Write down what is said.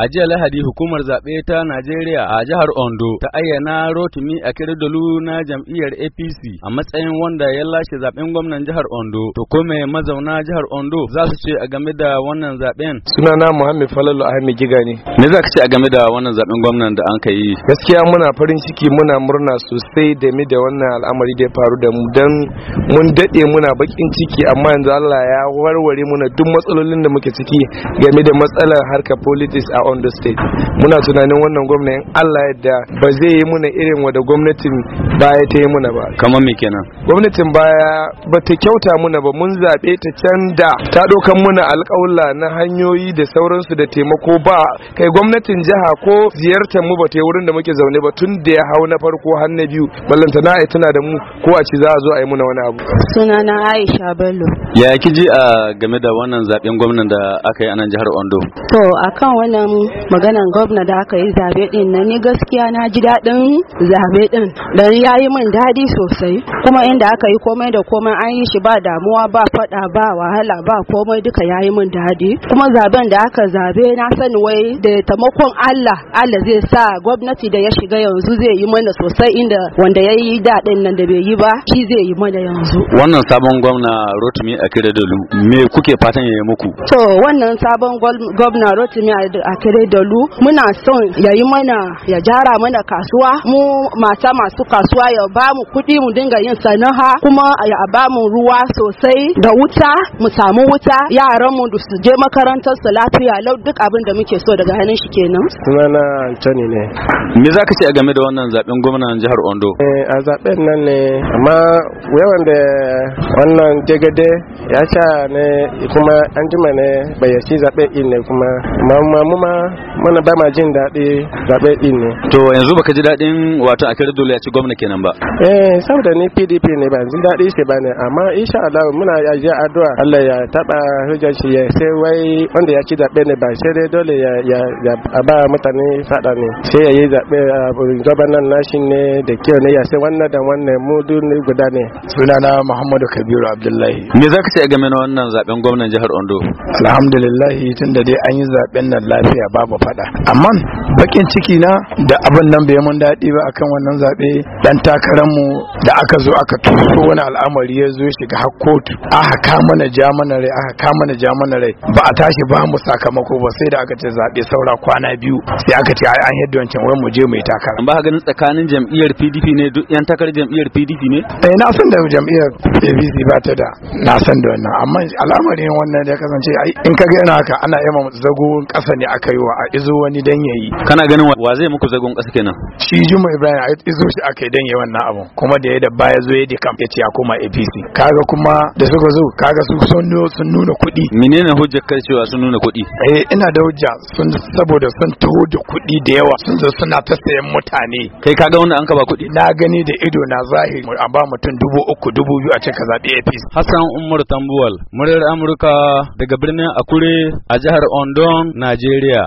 A jiya Lahadi hukumar zaɓe ta Najeriya a jihar Ondo ta ayyana Rotimi a Akeredolu na jam'iyyar APC a matsayin wanda ya lashe zaɓen gwamnan jihar Ondo. To kome mazauna jihar Ondo za su ce a game da wannan zaɓen? Sunana Muhammad Falalu Ahmed Giga ne. Me za ka ce a game da wannan zaɓen gwamnan da an ka yi? Gaskiya muna farin ciki muna murna sosai da mi da wannan al'amari da ya faru da mu dan mun daɗe muna bakin ciki amma yanzu Allah ya warware muna duk matsalolin da muke ciki game da matsalar harkar politics a ondo state muna tunanin wannan gwamna allah yadda ba zai yi muna irin wada gwamnatin baya ta yi muna ba kamar me kenan gwamnatin baya ba ta kyauta muna ba mun zaɓe ta can da ta ɗaukan muna alƙawla na hanyoyi da sauransu da taimako ba kai gwamnatin jiha ko ziyartar mu ba ta wurin da muke zaune ba tun da ya hau na farko har na biyu ballanta na ai tana da mu ko a ci za a zo a yi muna wani abu sunana aisha bello ya kiji a ah, game da wannan zaɓen gwamnan da aka yi a nan jihar ondo to akan wannan samu gwamna da aka yi zabe din na ni gaskiya na ji daɗin zabe din dan yayi min dadi sosai kuma inda aka yi komai da komai an yi shi ba damuwa ba fada ba wahala ba komai duka yayi min dadi kuma zaben da aka zabe na sani wai da taimakon Allah Allah zai sa gwamnati da ya shiga yanzu zai yi mana sosai inda wanda ya yi daɗin nan da bai yi ba shi zai yi mana yanzu wannan sabon gwamna Rotimi Akeredolu me kuke fatan ya yi muku to wannan sabon gwamna Rotimi Akeredolu muna son ya yi mana ya jara mana kasuwa mu mata masu kasuwa ya ba mu kuɗi mu dinga yin mu sanaha kuma a ba mu ruwa sosai da wuta mu samu wuta yaran mu su je makarantar su lafiya lau duk abin da muke so daga hannun shi kenan na tani ne me zaka ce game da wannan zaben gwamnatin jihar Ondo eh, a zaben nan ne amma yawan da wannan jegede ya sha ne kuma an jima ne bayyaci zaben din ne kuma amma mu ma mana ba ma jin daɗi zaben din ne to yanzu baka ji daɗin wato akira dole ya ci gwamna kenan ba eh saboda p PDP ne ba yanzu daɗi shi ba ne amma insha Allah muna yaje addu'a Allah ya taba hujjar shi ya sai wai wanda ya ci zaɓe ne ba sai dai dole ya ya ba mutane fada ne sai ya yi zaɓe a gwamnan nashi ne da kyau ne ya sai wannan da wannan mudu ne guda ne. Sunana Muhammadu Kabiru Abdullahi. Me za ka ce game na wannan zaɓen gwamnan jihar Ondo? Alhamdulillah tun da dai an yi zaɓen nan lafiya babu fada. Amma bakin ciki na da abin nan bai mun daɗi ba akan wannan zaɓe dan takararmu da aka zo aka tuso wani al'amari ya zo shiga har kotu aka kama na ja mana rai aka kama na ja mana rai ba a tashi ba mu sakamako ba sai da aka ce zaɓe saura kwana biyu sai aka ce an yadda wancan wai mu je mu yi takara ba ganin tsakanin jam'iyyar PDP ne duk yan takarar jam'iyyar PDP ne eh na san da jam'iyyar APC ba ta da na san da wannan amma al'amarin wannan da kasance ai in ka ga yana haka ana yama zagon ƙasa ne aka yi wa a izo wani dan yayi kana ganin wa zai muku zagon ƙasa kenan shi Juma Ibrahim a izo shi aka yi dan yayi wannan abun kuma da ya da baya zo ya dikam ya ce ya koma APC kaga kuma da suka zo kaga su sun nuna kuɗi menene hujjar kai cewa sun nuna kuɗi eh ina da hujja sun saboda sun taho da kuɗi da yawa sun zo suna ta sayan mutane kai kaga wanda an kaba kuɗi na gani da ido na zahiri a ba mutum dubu uku dubu biyu a ce ka zaɓi APC Hassan Umar Tambuwal muryar Amurka daga birnin Akure a jihar Ondo Najeriya